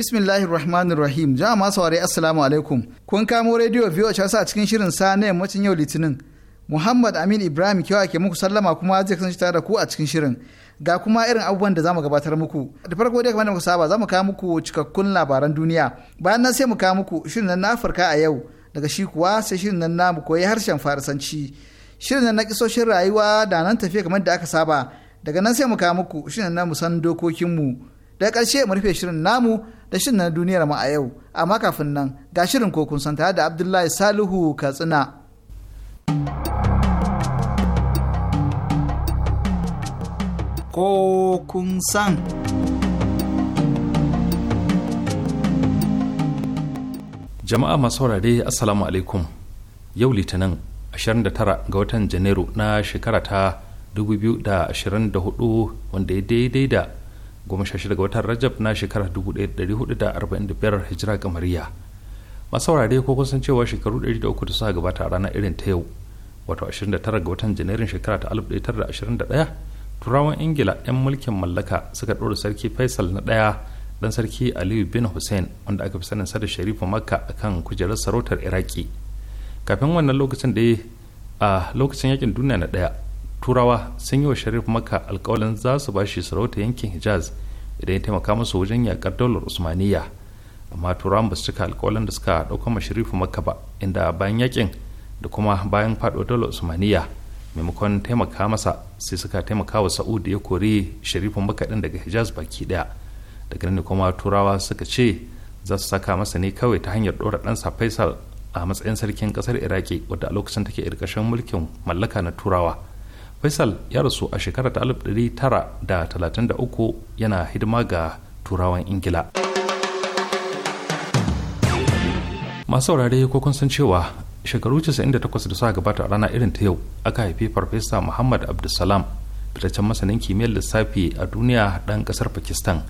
Bismillahi Rahmanir Rahim. Jama'a masu ware Assalamu alaikum. Kun kamo rediyo biyu a a cikin shirin sa na yammacin yau Litinin. Muhammad Amin Ibrahim kewa ke muku sallama kuma zai kasance tare da ku a cikin shirin. Ga kuma irin abubuwan da zamu gabatar muku. Da farko dai kamar da muka saba zamu kawo muku cikakkun labaran duniya. Bayan nan sai mu kawo muku shirin na Afirka a yau. Daga shi kuwa sai shirin nan namu koyi harshen Farisanci. Shirin nan na kisoshin rayuwa da nan tafiya kamar da aka saba. Daga nan sai mu kawo muku shirin na musan mu. Daga ƙarshe mu rufe shirin namu da shirin na duniyar mu a yau amma kafin nan ga shirin ko kun santa da Abdullahi Salihu Katsina. Ko kun san. Jama'a masu saurare Assalamu alaikum yau litinin 29 ga watan Janairu na shekara ta 2024 wanda ya daidai da goma shida ga watan rajab na shekarar biyar hijira kamariya masu saurare ko kun san cewa shekaru ɗari da suka gabata a ranar irin ta yau wato tara ga watan janairun shekara ta 1921 turawan ingila 'yan mulkin mallaka suka ɗora sarki faisal na ɗaya dan sarki aliyu bin hussein wanda aka fi sanin sada sharifu makka kan kujerar sarautar iraki kafin wannan lokacin da a lokacin yakin duniya na ɗaya turawa sun yi wa sharif maka alkawalin za su ba shi sarauta yankin hijaz idan ya taimaka musu wajen yakar daular usmaniya amma turawan ba su cika alkawalin da suka ɗauka ma sharif maka ba inda bayan yakin da kuma bayan faɗo daular usmaniya maimakon taimaka masa sai suka taimaka wa sa'ud ya kori sharif maka ɗin daga hijaz baki ɗaya daga nan kuma turawa suka ce za su saka masa ne kawai ta hanyar ɗora ɗansa faisal a matsayin sarkin ƙasar iraki wadda a lokacin take irkashin mulkin mallaka na turawa faisal ya rasu a shekarar ta 1933 yana hidima ga turawan ingila masu saurare ko kun san cewa shekaru 98 da suka gabata a rana irin ta yau aka haifi farfesa muhammad abdulsalam fitaccen masanin kimiyyar lissafi a duniya ɗan ƙasar pakistan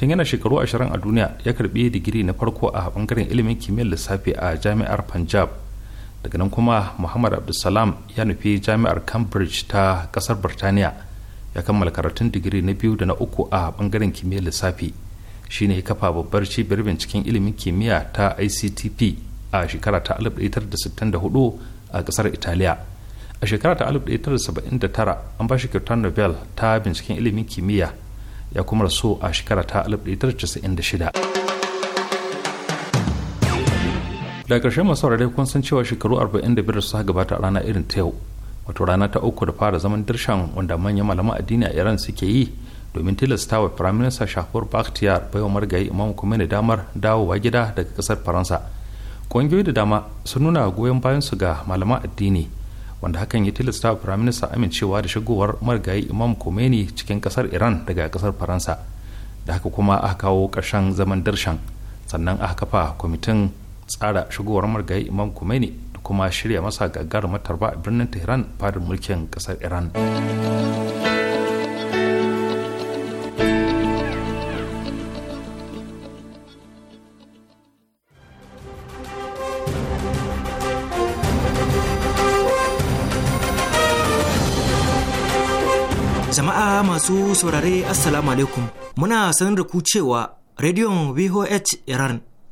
tun yana shekaru ashirin a duniya ya karbi digiri na farko a bangaren ilimin kimiyyar lissafi a jami'ar punjab daga nan kuma muhammad abdulsalam ya nufi jami'ar cambridge ta kasar birtaniya ya kammala karatun digiri na biyu da na uku a bangaren kimiyyar lissafi shine ya kafa babbar cibiyar binciken ilimin kimiyya ta ictp a shekara ta 1964 a kasar italiya a shekara ta 1979 an ba shi kyautar nobel ta binciken ilimin kimiyya ya kuma rasu a shekara ta 1996 da ƙarshen masu saurare kun san cewa shekaru 45 su gabata a rana irin ta yau wato rana ta uku da fara zaman dirshan wanda manyan malaman addini a iran suke yi domin tilasta wa minister shafur bakhtiyar baiwa margayi imam da damar dawowa gida daga kasar faransa ƙungiyoyi da dama sun nuna goyon bayan su ga malaman addini wanda hakan ya tilasta wa firaminista amincewa da shigowar margayi imam ne cikin kasar iran daga kasar faransa da haka kuma aka kawo ƙarshen zaman darshan sannan aka kafa kwamitin tsara shigowar margayi imam ne da kuma shirya masa gagarumar matarba a birnin tehran fadar mulkin kasar iran jama'a masu saurare assalamu alaikum muna sanar da ku cewa rediyon vhh iran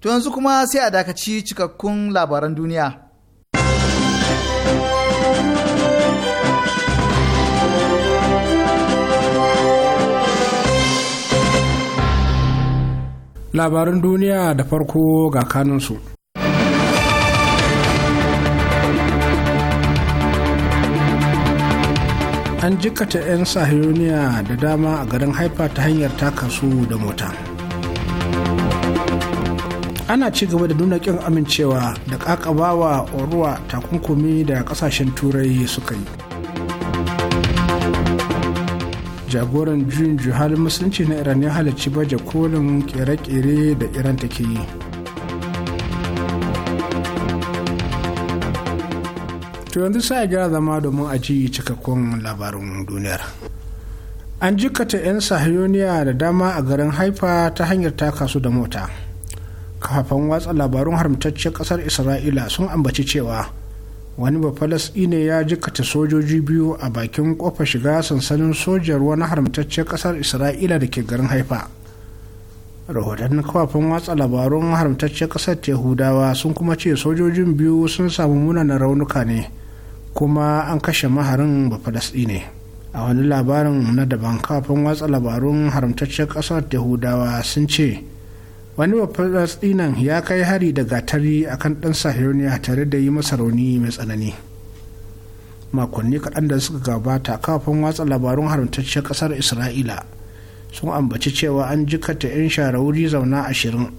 To yanzu kuma sai a dakaci cikakkun labaran duniya. Labaran duniya da farko ga kanunsu. An jikata 'yan sahiyoniya da dama a garin haifa ta hanyar takasu da mota. ana ci gaba da nuna kin amincewa da kakabawa ruwa takunkumi da kasashen turai suka yi jagoran juyin juhal musulunci na iran ya halarci baje kolin kere-kere da iran take yi to yanzu sai gyara zama domin a ji cikakkun labarin duniyar an jikata 'yan sahiyoniya da dama a garin haifa ta hanyar taka su da mota kafin watsa labarun haramtacciyar kasar isra'ila sun ambaci cewa wani ne ya jikata sojoji biyu a bakin kofa shiga sansanin sojar wani haramtacciyar kasar isra'ila da ke garin haifa Rahoton kafafen watsa labarun haramtacciyar kasar Tehudawa sun kuma ce sojojin biyu sun samu munanan raunuka ne kuma an kashe maharin ne. a wani labarin na daban kafin watsa labarun haramtacciyar kasar Tehudawa sun ce wani bafalasɗinan ya kai hari da gatari akan ɗan sahiruniya tare da yi masa rauni mai tsanani makonni kaɗan da suka gabata kafin watsa labarun haramtacciyar ƙasar isra'ila sun ambaci cewa an jikata 'yan shara wuri zauna ashirin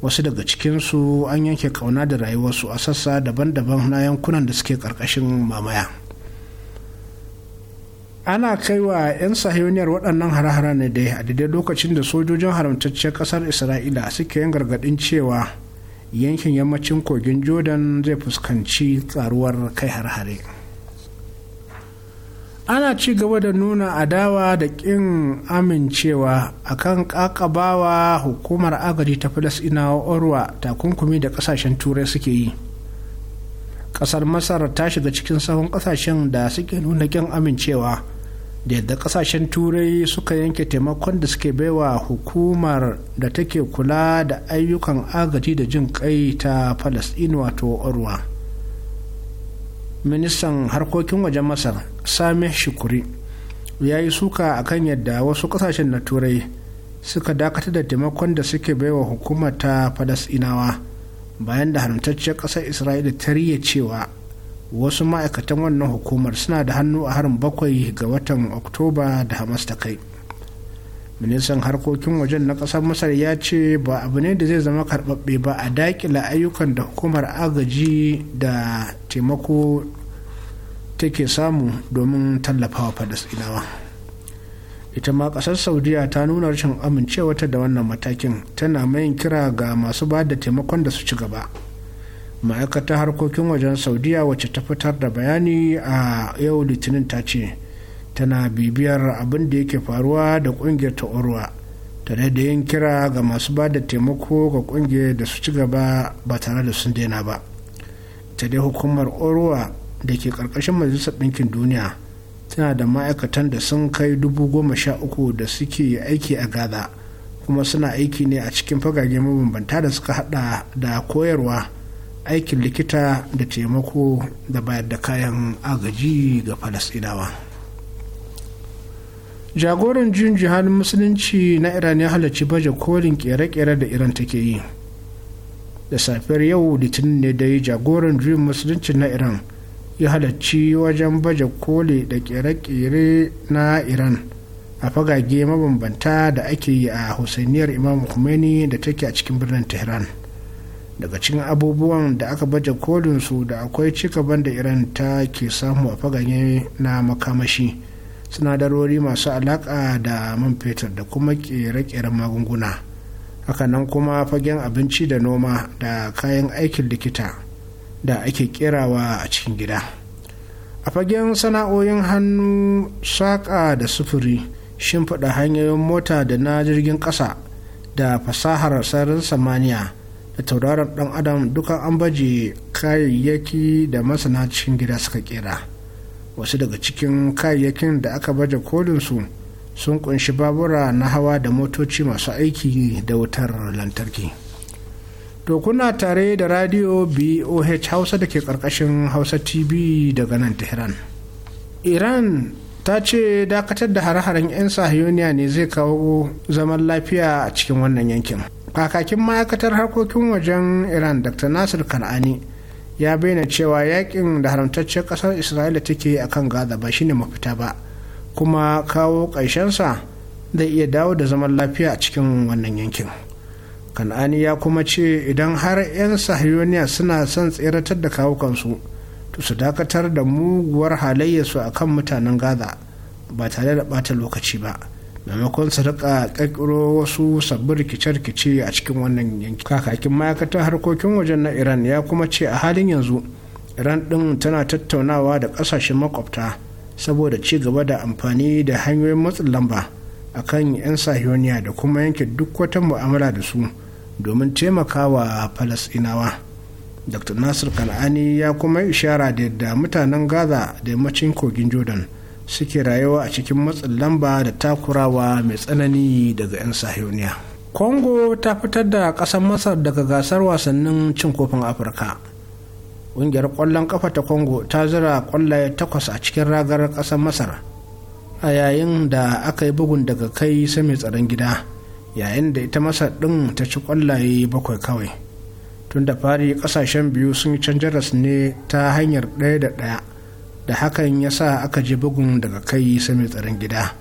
wasu daga cikinsu an yanke kauna da rayuwarsu a sassa daban-daban na yankunan da suke ƙarƙashin mamaya. ana kai wa 'yan sahiyoniyar waɗannan hare-hare ne dai a daidai lokacin da sojojin haramtaccen ƙasar isra'ila suke yin gargaɗin cewa yankin yammacin kogin jordan zai fuskanci karuwar kai harhare. ana ci gaba da nuna adawa da ƙin amincewa akan ƙaƙabawa hukumar agaji ta ina orwa takunkumi da ƙasashen turai suke yi ƙasar masar ta shiga cikin sahun ƙasashen da suke nuna ƙin amincewa da yadda kasashen turai suka yanke taimakon da suke baiwa hukumar da take kula da ayyukan agaji da jin kai ta palestine wato orwa ministan harkokin wajen masar sami shukuri ya yi suka akan yadda wasu kasashen na turai suka dakatar da taimakon da suke baiwa hukumar ta palestinawa bayan da haramtacciyar ƙasar isra'ila ta cewa wasu ma'aikatan wannan hukumar suna da hannu a harin bakwai ga watan oktoba da hamas ta kai ministan harkokin wajen na ƙasar masar ya ce ba abu ne da zai zama karɓaɓɓe ba a dakila ayyukan da hukumar agaji da taimako take samu domin tallafawa falasɗinawa ita ma ƙasar saudiya ta nuna rashin amincewa da wannan matakin tana mayin kira ga masu ba da taimakon da su ci gaba ma'aikatar harkokin wajen saudiya wacce ta fitar da bayani a yau litinin ta ce tana bibiyar abin da yake faruwa da kungiyar ta orwa tare da yin kira ga masu ba da taimako ga kungiyar da su ci gaba ba tare da sun daina ba ta dai hukumar orwa da ke karkashin majalisar ɗinkin duniya tana da ma'aikatan da sun kai dubu goma sha uku da suke aiki a gaza kuma suna aiki ne a cikin fagage mabambanta da suka hada da koyarwa aikin likita da taimako da bayar da kayan agaji ga falasɗinawa jagoran jin jihar musulunci na iran ya halarci baje kolin kere-kere da iran take yi da safiyar yau litinin ne dai jagoran juyin musulunci na iran ya halarci wajen baje koli da kere-kere na iran a fagage mabambanta da ake yi a husainiyar imam khomeini da take a cikin birnin tehran daga cikin abubuwan da aka baje kolin su da akwai cika da iran ta ke samu a fagage na makamashi sinadarori masu alaƙa da man fetur da kuma ƙere-ƙeren magunguna hakanan kuma fagen abinci da noma da kayan aikin likita da ake kerawa a cikin gida a fagen sana'o'in hannu saƙa da sufuri shimfiɗa hanyoyin mota da na jirgin ƙasa da fasahar sararin samaniya da tauraron dan adam duka an baje kayayyaki da masana cikin gida suka kera wasu daga cikin kayayyakin da aka baje kolinsu sun kunshi babura na hawa da motoci masu aiki da wutar lantarki to kuna tare da radio boh hausa da ke karkashin hausa tv daga nan tehran iran ta ce dakatar da hare-haren 'yan sahiyoniya ne zai kawo zaman lafiya a cikin wannan yankin kakakin ma'aikatar harkokin wajen iran dr nasir kan'ani ya bayyana cewa yakin da haramtaccen kasar isra'ila take a kan gaza ba shine mafita ba kuma kawo ƙarshensa zai iya dawo da zaman lafiya a cikin wannan yankin kan'ani ya kuma ce idan har 'yan sahiyoniya suna son tseratar da kawukansu to su dakatar da muguwar halayyarsu a kan mutanen gaza ba tare da ɓata lokaci ba maimakon su rika kakiro wasu sabbin rikice-rikice a cikin wannan yanki kakakin ma'aikatar harkokin wajen na iran ya kuma ce a halin yanzu iran ɗin tana tattaunawa da ƙasashen makwabta saboda ci gaba da amfani da hanyoyin matsin lamba a kan 'yan sahiyoniya da kuma yanke duk wata mu'amala da su domin taimakawa falasinawa dr nasir kan'ani ya kuma ishara da yadda mutanen gaza da yammacin kogin jordan suke rayuwa a cikin matsin lamba da takurawa mai tsanani daga 'yan sahiyoniya Kongo ta fitar da ƙasar masar daga gasar wasannin cin kofin afirka ƙungiyar ƙwallon ƙafa ta congo ta zira ƙwallaye takwas a cikin ragar ƙasar masar a yayin da aka yi bugun daga kai sai tsaron gida yayin da ita masar ɗin ta ci ƙwallaye bakwai kawai tun da fari ƙasashen biyu sun yi ne ta hanyar ɗaya da ɗaya da hakan ya sa aka ji bugun daga kai sami tsaron gida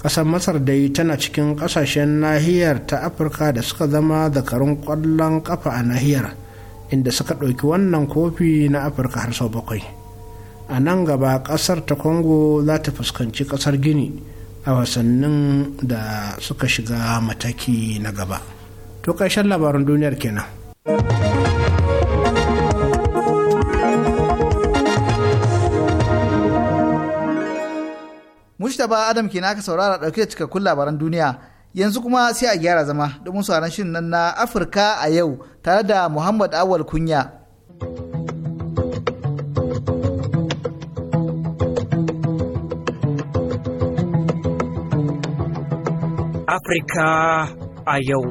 ƙasar masar dai tana cikin ƙasashen nahiyar ta afirka da suka zama zakarun ƙwallon ƙafa a nahiyar inda suka ɗauki wannan kofi na afirka har sau bakwai a nan gaba ƙasar ta congo za ta fuskanci ƙasar gini a wasannin da suka shiga mataki na gaba to ƙarshen labarin duniyar kenan. Mustapha Adam ke naka saurara ɗauke da cikakkun labaran duniya. Yanzu kuma sai a gyara zama domin sauran shirin nan na Afirka a yau tare da Muhammad Awal Kunya. Afirka a yau.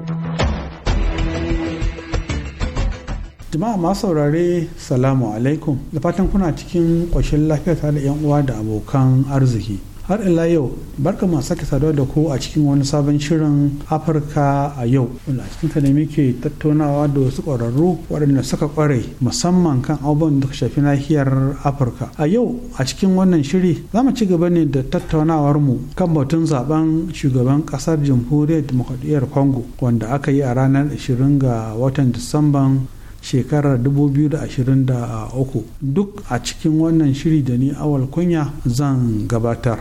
Jama'a masu saurare salamu alaikum da fatan kuna cikin ƙoshin lafiya tare da 'yan uwa da abokan arziki. har ila yau barka masu sake saduwa da ku a cikin wani sabon shirin afirka a yau wanda a cikin ne muke tattaunawa da wasu ƙwararru waɗanda suka ƙware musamman kan abubuwan da shafi nahiyar afirka a yau a cikin wannan shiri za mu ci gaba ne da tattaunawar mu kan batun zaben shugaban ƙasar jamhuriyar demokradiyyar congo wanda aka yi a ranar 20 ga watan disamban shekarar 2023 duk a cikin wannan shiri da ni awal kunya zan gabatar.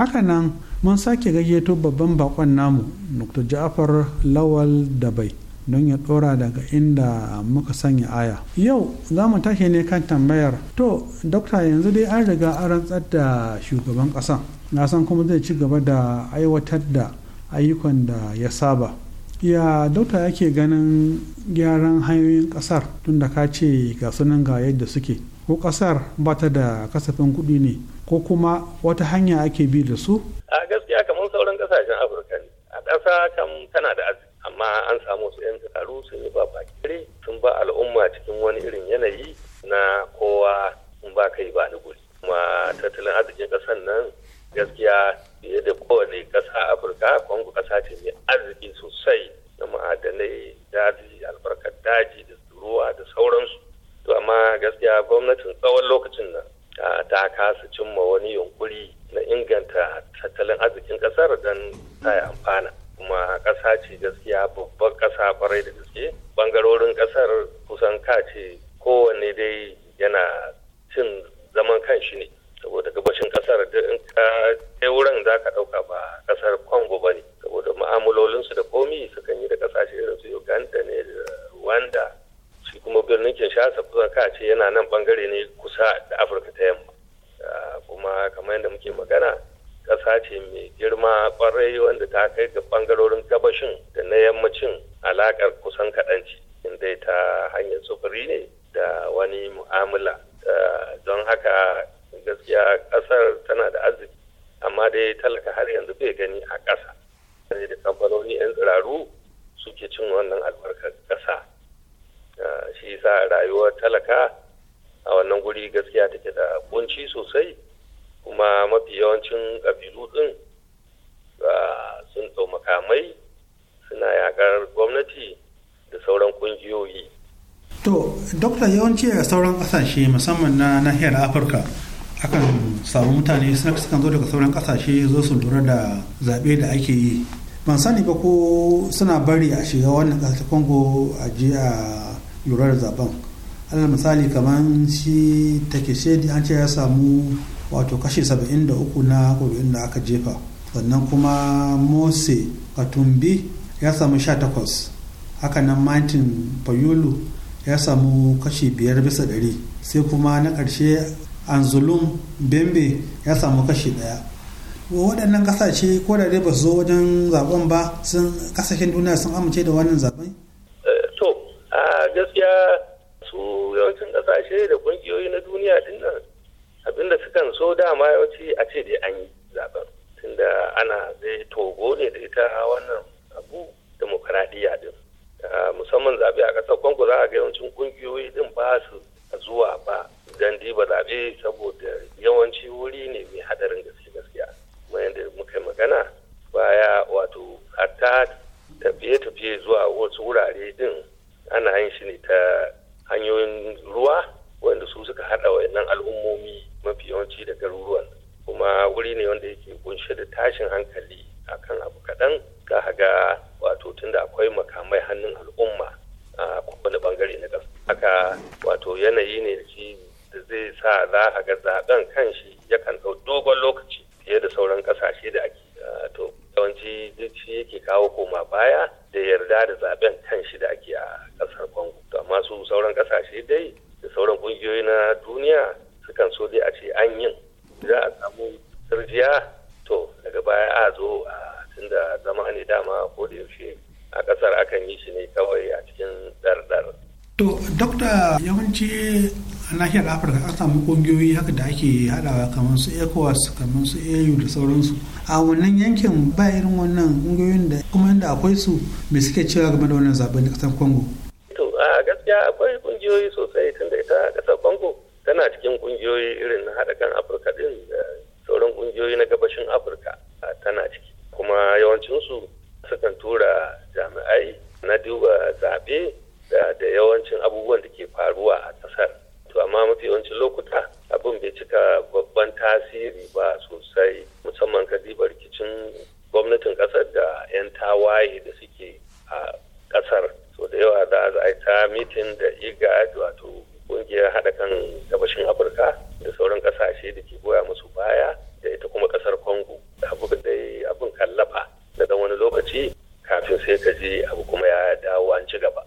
hakanan mun sake gayyato babban bakon namu dr ja'afar lawal dabai don ya tsora daga inda muka sanya aya yau za mu tashi ne kan tambayar to dokta yanzu dai an riga an rantsar da shugaban ƙasa na san kuma zai ci gaba da aiwatar da ayyukan da ya saba ya dokta yake ganin gyaran hanyoyin ƙasar? tun da ka ce ga sunan ga yadda suke ko ƙasar ba ta da kasafin kuɗi ne ko kuma wata hanya ake bi da su a gaskiya kamar sauran ƙasashen afirka ne a ƙasa kan tana da arziki amma an samu su 'yan tsaro sun yi ba bakire sun ba al'umma cikin wani irin yanayi na kowa sun ba kai ba ni guri kuma tattalin arzikin ƙasar nan gaskiya fiye da kowane ƙasa afirka kongo ƙasa ce mai arziki sosai na ma'adanai daji albarkar daji da ruwa da sauransu to amma gaskiya gwamnatin tsawon lokacin nan ta kasa cimma wani yunkuri na inganta tattalin arzikin ƙasar don ta amfana kuma ƙasa ce gaskiya babbar ƙasa farai da gaske ɓangarorin ƙasar kusan kace ce kowanne dai yana cin zaman kanshi ne saboda gabashin ƙasar in ka kai wurin za ka ɗauka ba ƙasar congo ba ne saboda ma'amalolinsu da komi sukan yi da ƙasashe irin su uganda ne da rwanda shi kuma birnin kinshasa kusan ka yana nan ɓangare ne kusa da afirka ta yamma ah, kuma kamar yadda muke magana ƙasa ce mai girma kwarai wanda ta kai ga ɓangarorin gabashin da na yammacin alaƙar kusan kaɗanci inda ta hanyar sufuri ne da wani mu'amala don haka gaskiya ƙasar tana da arziki amma dai talaka har yanzu bai gani a ƙasa sai da kamfanoni 'yan tsiraru suke cin wannan albarkar ƙasa ah, shi sa rayuwar talaka a wannan guri gaskiya take da kunci sosai kuma mafi yawancin ƙabilu ɗin sun ɗau makamai suna yakar gwamnati da sauran ƙungiyoyi. to dokta yawanci a sauran ƙasashe musamman na nahiyar afirka akan samu mutane sukan zo daga sauran kasashe zo su lura da zaɓe da ake yi ban sani ba ko suna bari a shiga wannan ƙasar congo a je a lura da zaben alal misali kamar shi take shedi an ce ya samu wato kashi 73 na ƙuri'un da aka jefa sannan kuma mose katumbi ya samu 18 hakanan martin fayulu ya samu kashi 5 bisa 100 sai kuma na ƙarshe anzulum bembe ya samu kashi 1 waɗannan ƙasashe ko da dai ba su zo wajen zaben ba sun ƙasashen duniya sun amince da wannan zaben eh, to a gaskiya su yawancin ƙasashe da ƙungiyoyi na duniya dinnan abinda sukan so dama yawanci a ce dai an yi zaben tunda ana zai togo ne da ita wannan abu demokaradiyya din ah, musamman zaɓe a ƙasar kongo za a ga yawancin ƙungiyoyi din ba su zuwa ba don diba zaɓe saboda yawanci wuri ne mai haɗarin nahiyar afirka an samu kungiyoyi haka da ake hadawa kamar su ecowas kamar su au da sauransu a wannan yankin ba irin wannan kungiyoyin da kuma inda akwai su mai suke cewa game da wannan zaben da kasar congo haɗa kan gabashin afirka da sauran ƙasashe da ke goya musu baya da ita kuma ƙasar congo abu da abin kallafa da dan wani lokaci kafin sai ka je abu kuma ya dawo an ci gaba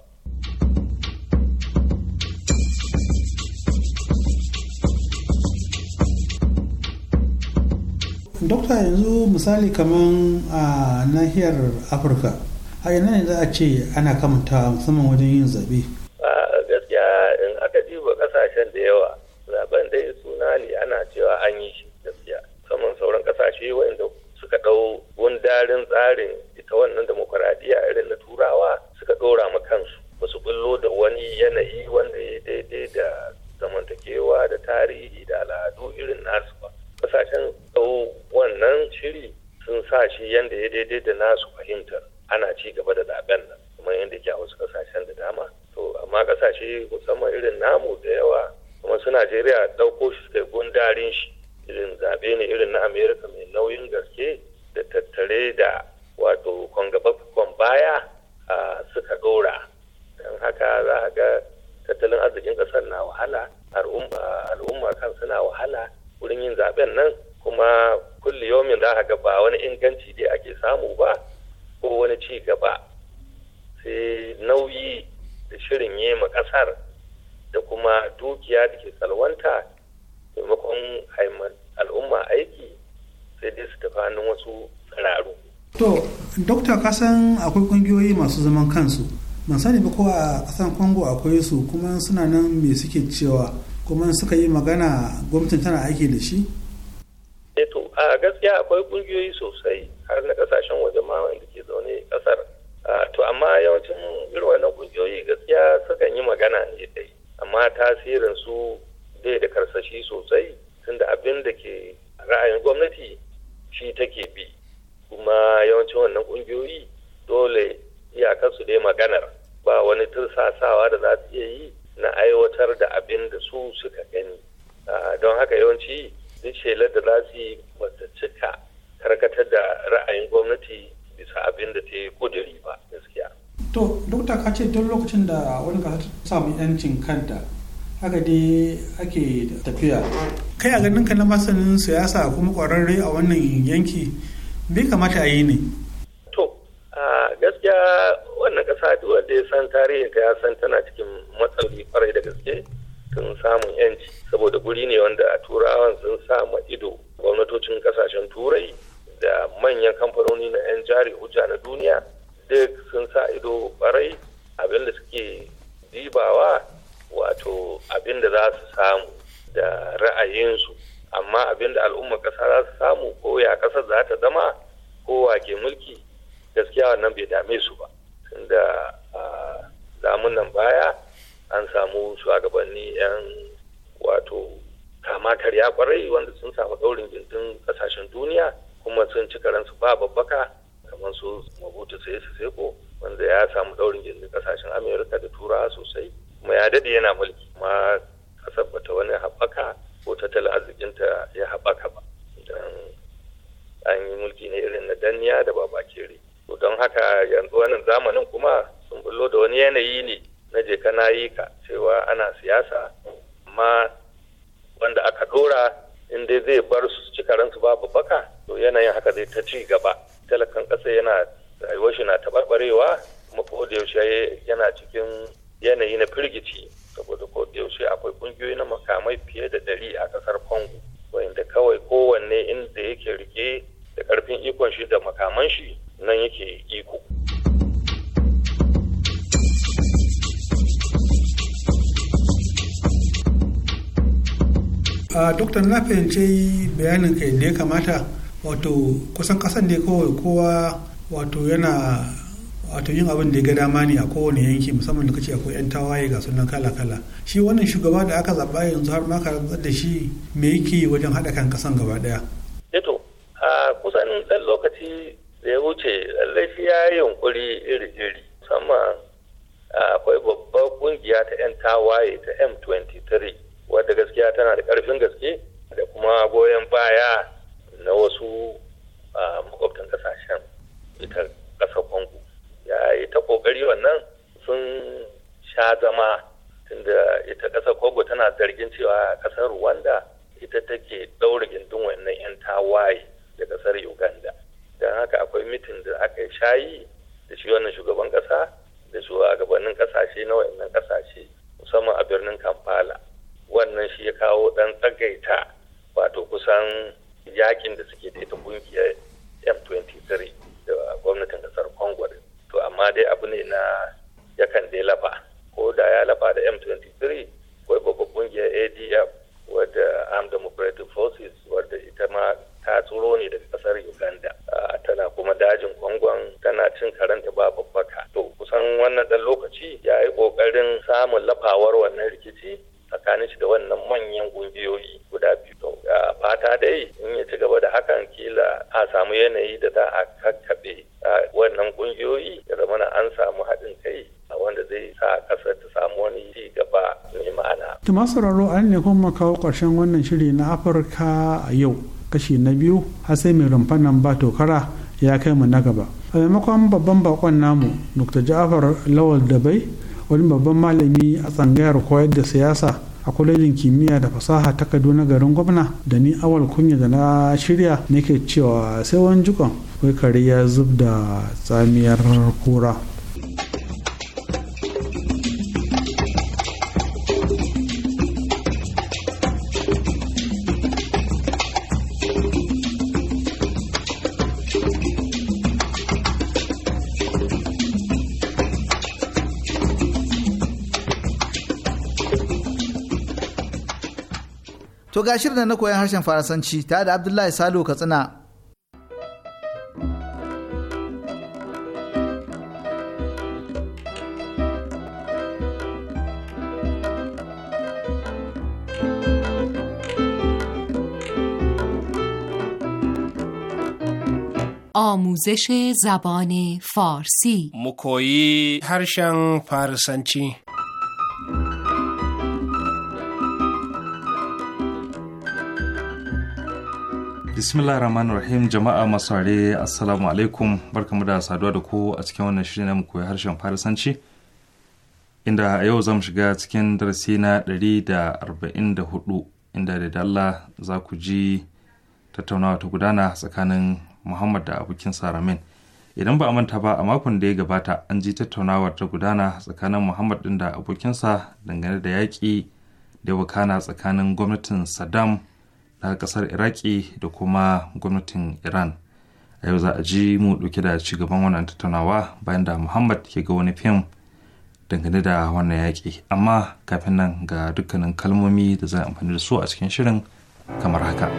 dokta yanzu misali kamar a nahiyar afirka a ina ne za a ce ana kamata musamman wajen yin zaɓe masu zaman kansu ban sani ba ko a kasar congo akwai su kuma suna nan me suke cewa kuma suka yi magana gwamnatin tana aiki da shi eto eh a gaskiya akwai kungiyoyi sosai har na kasashen waje ma wanda ke zaune kasar to amma yawancin irin wannan kungiyoyi gaskiya sukan yi magana ne dai amma tasirin su zai da karsashi sosai tunda abin da ke ra'ayin gwamnati shi take bi kuma yawancin wannan kungiyoyi dole su dai maganar ba wani tursasawa da za su iya yi na aiwatar da abin da su suka gani don haka yawanci duk shelar da za su yi wata cika karkatar da ra'ayin gwamnati bisa abin da ta yi kuduri ba gaskiya to dokta ka ce don lokacin da wani ka samu yancin kanta haka dai ake tafiya kai a ganin ka na masanin siyasa kuma kwararre a wannan yanki bai kamata a yi ne gaskiya wannan ƙasa duk wanda ya san tarihin ta ya san tana cikin matsaloli kwarai da gaske tun samun yanci saboda guri ne wanda turawan sun sa ma ido gwamnatocin kasashen turai da manyan kamfanoni na 'yan jari hujja na duniya duk sun sa ido barai abinda suke dibawa wato abinda za su samu da ra'ayinsu amma abinda al'ummar ƙasa za su samu ko ya ƙasar za ta zama ko wa ke mulki gaskiya wannan bai dame su ba tunda zamunan baya an samu shugabanni 'yan wato kama karya kwarai wanda sun samu daurin gindin kasashen duniya kuma sun ci karansu ba babbaka kamar su mabutu sai su seko wanda ya samu daurin gindin kasashen amerika da turawa sosai kuma ya dade yana mulki ma kasar bata wani haɓaka ko tattalin arzikinta ya haɓaka ba don an yi mulki ne irin na danniya da babakere to don haka yanzu wannan zamanin kuma sun bullo da wani yanayi ne na je na yi ka cewa ana siyasa amma wanda aka dora inda zai bar su cikaransu babu baka to yanayin haka zai ta ci gaba talakan ƙasa yana rayuwar shi na taɓarɓarewa kuma ko da yaushe yana cikin yanayi na firgici saboda ko da yaushe akwai ƙungiyoyi na makamai fiye da ɗari a ƙasar kongo wanda kawai kowanne inda yake rike da ƙarfin ikon shi da makaman shi nan yake iko a doktor na fahimci bayanin kai da ya kamata wato kusan kasan ne kawai kowa wato yana wato yin abin da ya ga dama ne a kowane yanki musamman da kace akwai yan tawaye ga sunan kala kala shi wannan shugaba da aka zaba yanzu har ma ka da shi me yake wajen hada kan kasan gaba daya eto eh a kusan dan lokaci ya wuce lallai shi ya yi yunkuri iri-iri musamman akwai babbar kungiya ta 'yan tawaye ta m23 wadda gaskiya tana da karfin gaske da kuma goyon baya na wasu makwabtan kasashen ita ƙasar kwanku. ya yi ta ƙoƙari wannan sun sha zama tunda ita ƙasar kwanku tana zargin cewa ƙasar rwanda ita take ɗaura gindin wannan 'yan tawaye da ƙasar uganda don haka akwai mitin da aka yi shayi da shi wannan shugaban kasa da gabanin kasashe na wayannan kasashe musamman a birnin kampala wannan shi ya kawo dan tsagaita wato kusan yakin da suke ta kungiyar m 23 da gwamnatin kasar congo to amma dai abu ne na yakan dai lafa ko da ya lafa da m23 ko babban kungiyar adf wadda armed democratic forces wadda ita ma ta tsoro ne daga kasar uganda tana kuma dajin kwangon tana cin karanta ba babbaka to kusan wannan dan lokaci ya yi kokarin samun lafawar wannan rikici tsakanin shi da wannan manyan kungiyoyi guda biyu to fata dai in ya ci gaba da hakan kila a samu yanayi da za a kakkaɓe wannan kungiyoyi ya zama an samu haɗin kai a wanda zai sa kasar ta samu wani ci gaba mai ma'ana. Tuma an ne kuma kawo ƙarshen wannan shiri na Afirka a yau. kashi na biyu har sai mai rumfa nan ba tokara ya kai mu na gaba a maimakon babban bakon namu dr ja'afar lawal da bai wani babban malami a tsangayar koyar da siyasa a kwalejin kimiyya da fasaha ta kaduna garin gwamna da ni awal kunya da na shirya nake cewa sai wani jikon kare ya zub da tsamiyar kura ga shirin na koyon harshen Faransanci tare da Abdullahi Salo Katsina. آموزش زبان فارسی مکویی هرشن فارسنچی Bismillah Rahman Rahim jama'a masu Assalamu alaikum barkamu da saduwa da ku a cikin wannan shirin na koyi harshen Farisanci inda a yau zamu shiga cikin darasi na ɗari da 144 inda da Allah za ku ji tattaunawa ta gudana tsakanin Muhammad da abokin Saramin. Idan ba a manta ba a makon da ya gabata an ji tattaunawar ta gudana tsakanin Muhammad din da abokinsa dangane da yaƙi da wakana tsakanin gwamnatin Saddam na kasar iraki da kuma gwamnatin iran a yau za a ji mu dauke da ci gaban wannan tattaunawa bayan da muhammad ke ga wani fim dangane da wannan yaƙi amma kafin nan ga dukkanin kalmomi da za a amfani da su a cikin shirin kamar haka.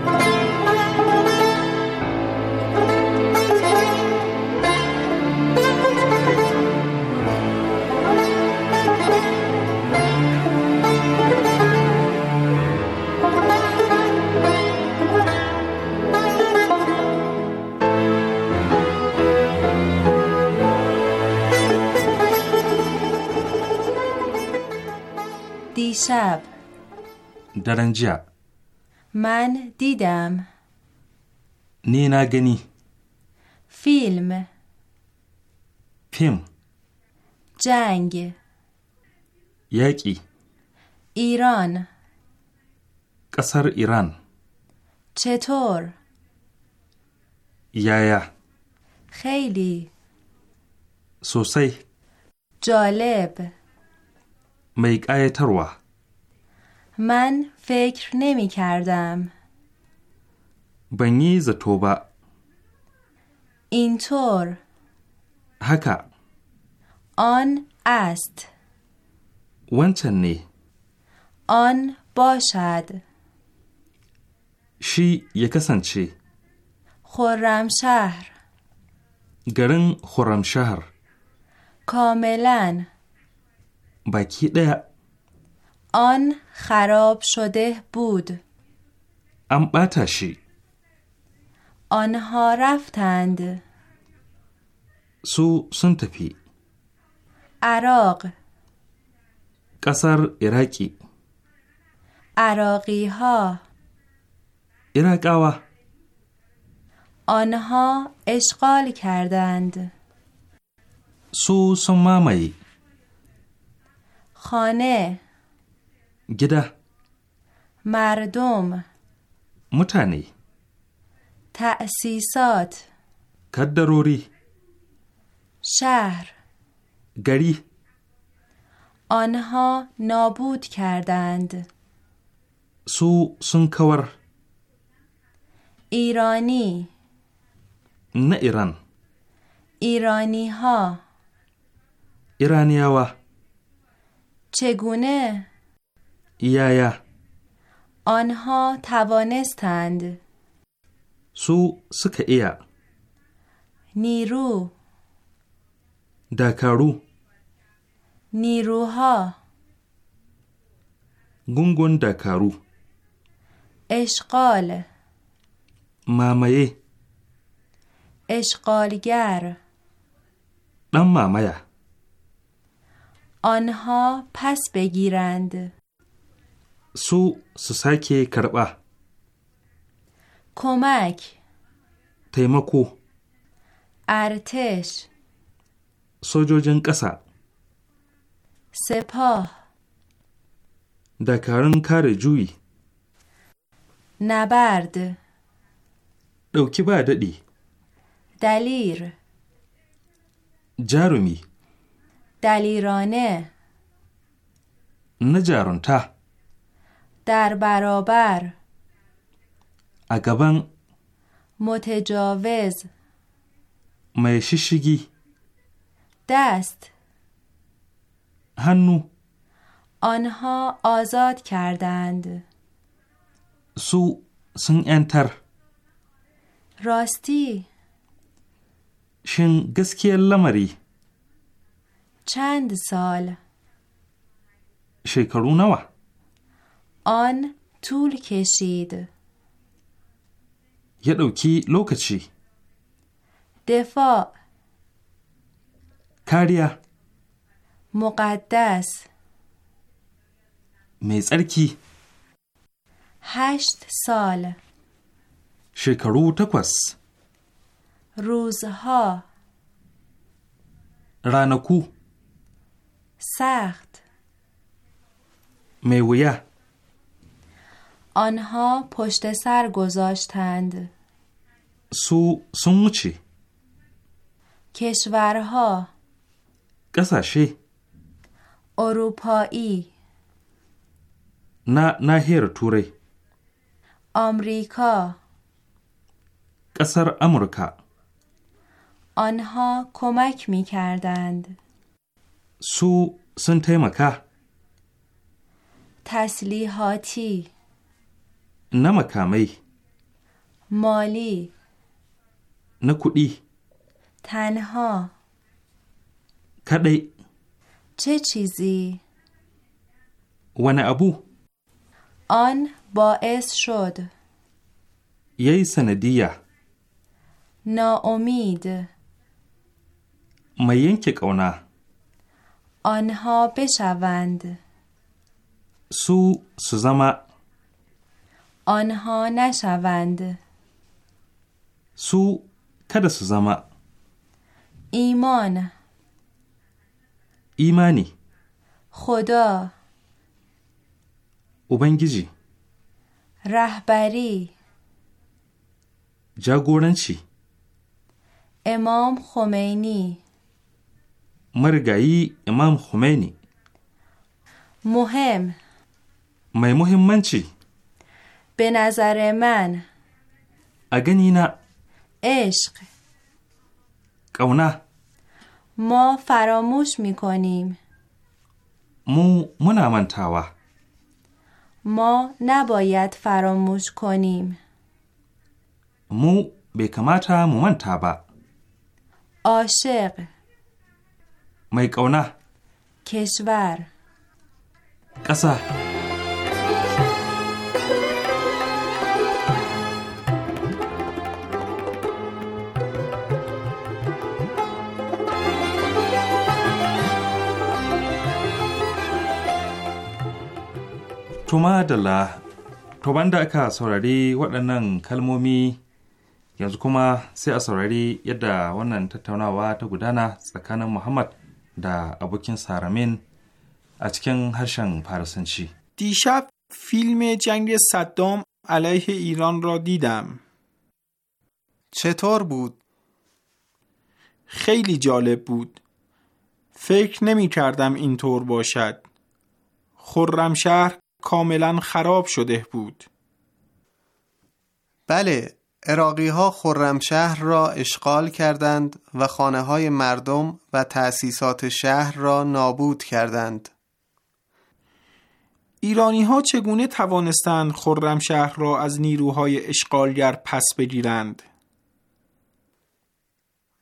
دیشب انجا من دیدم نینا گنی فیلم فیلم جنگ یکی ایران قصر ایران چطور؟ یا، خیلی سوسی جالب میگای تروه من فکر نمی کردم بنی توبه اینطور هکا آن است ونچن آن باشد شی یکسن چی خرمشهر گرن خرمشهر کاملا بکی ده آن خراب شده بود ام آنها رفتند سو سنتپی عراق قصر عراقی عراقی ها عراقاوه آنها اشغال کردند سو سمامی خانه گده مردم متنی تأسیسات کدروری شهر گری آنها نابود کردند سو سنکور ایرانی نه ایران ایرانی ها ایرانی ها. چگونه یایا آنها توانستند سو سک ایا نیرو دکارو نیروها گونگون دکارو اشغال مامایه اشغالگر دم مامایه آنها پس بگیرند su su sake karɓa. Komak. Taimako. Artesh. Sojojin ƙasa. Sepa. Dakarun kare juyi. Nabard. Ɗauki ba daɗi. Dalir. Jarumi. Dalirane. Na jarunta. در برابر اگبن متجاوز میششگی دست هنو آنها آزاد کردند سو سن انتر راستی شن گسکی لمری چند سال شکرونه آن طول کشید یه دوکی لوکچی دفاع کاریا مقدس میزرکی هشت سال شکرو تکوس روزها رانکو سخت میویه آنها پشت سر گذاشتند سو سونچی کشورها گساشی اروپایی نه هیر توری آمریکا قصر امریکا آنها کمک می کردند سو سون تسلیحاتی na makamai mali na kuɗi tanha kaɗai cecizi wani abu an ba'es shod ya yi sanadiya na'omid mai yanke ƙauna آنها Su su zama. آنها نشوند سو کد زما ایمان ایمانی خدا اوبنگیجی رهبری جاگورنچی امام خمینی مرگایی امام خمینی مهم مای مهم من چی؟ به نظر من اگنینا عشق کونه؟ ما فراموش میکنیم. مو منا من منامنتاوه ما نباید فراموش کنیم مو به کماتا ممنتابا عاشق میکونه کشور قصه Tuma da la, to banda aka saurari waɗannan kalmomi yanzu kuma sai a saurari yadda wannan tattaunawa ta gudana tsakanin Muhammad da abokin Saramin a cikin harshen Farisanci. دیشب فیلم جنگ صدام علیه ایران را دیدم. چطور بود؟ خیلی جالب بود. فکر نمی کردم اینطور باشد. خرمشهر کاملا خراب شده بود بله اراقی ها خرمشهر را اشغال کردند و خانه های مردم و تأسیسات شهر را نابود کردند ایرانی ها چگونه توانستند خرمشهر را از نیروهای اشغالگر پس بگیرند؟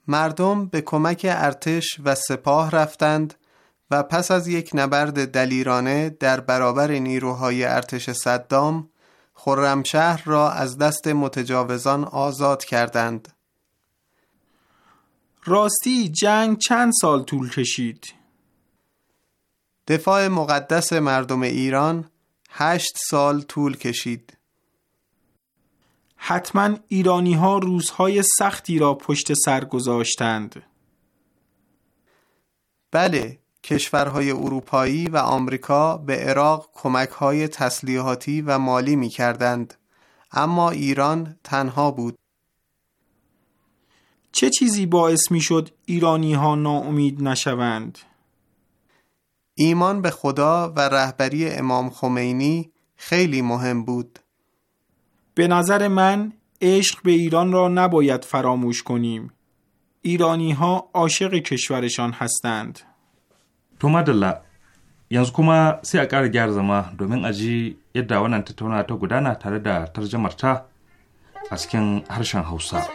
مردم به کمک ارتش و سپاه رفتند و پس از یک نبرد دلیرانه در برابر نیروهای ارتش صدام خرمشهر را از دست متجاوزان آزاد کردند راستی جنگ چند سال طول کشید دفاع مقدس مردم ایران هشت سال طول کشید حتما ایرانی ها روزهای سختی را پشت سر گذاشتند بله کشورهای اروپایی و آمریکا به عراق کمکهای تسلیحاتی و مالی می کردند. اما ایران تنها بود. چه چیزی باعث می شد ایرانی ها ناامید نشوند؟ ایمان به خدا و رهبری امام خمینی خیلی مهم بود. به نظر من عشق به ایران را نباید فراموش کنیم. ایرانی ها عاشق کشورشان هستند. To madalla yanzu kuma sai a ƙara gyara zama domin a ji yadda wannan tattauna ta gudana tare da tarjamarta a cikin harshen Hausa.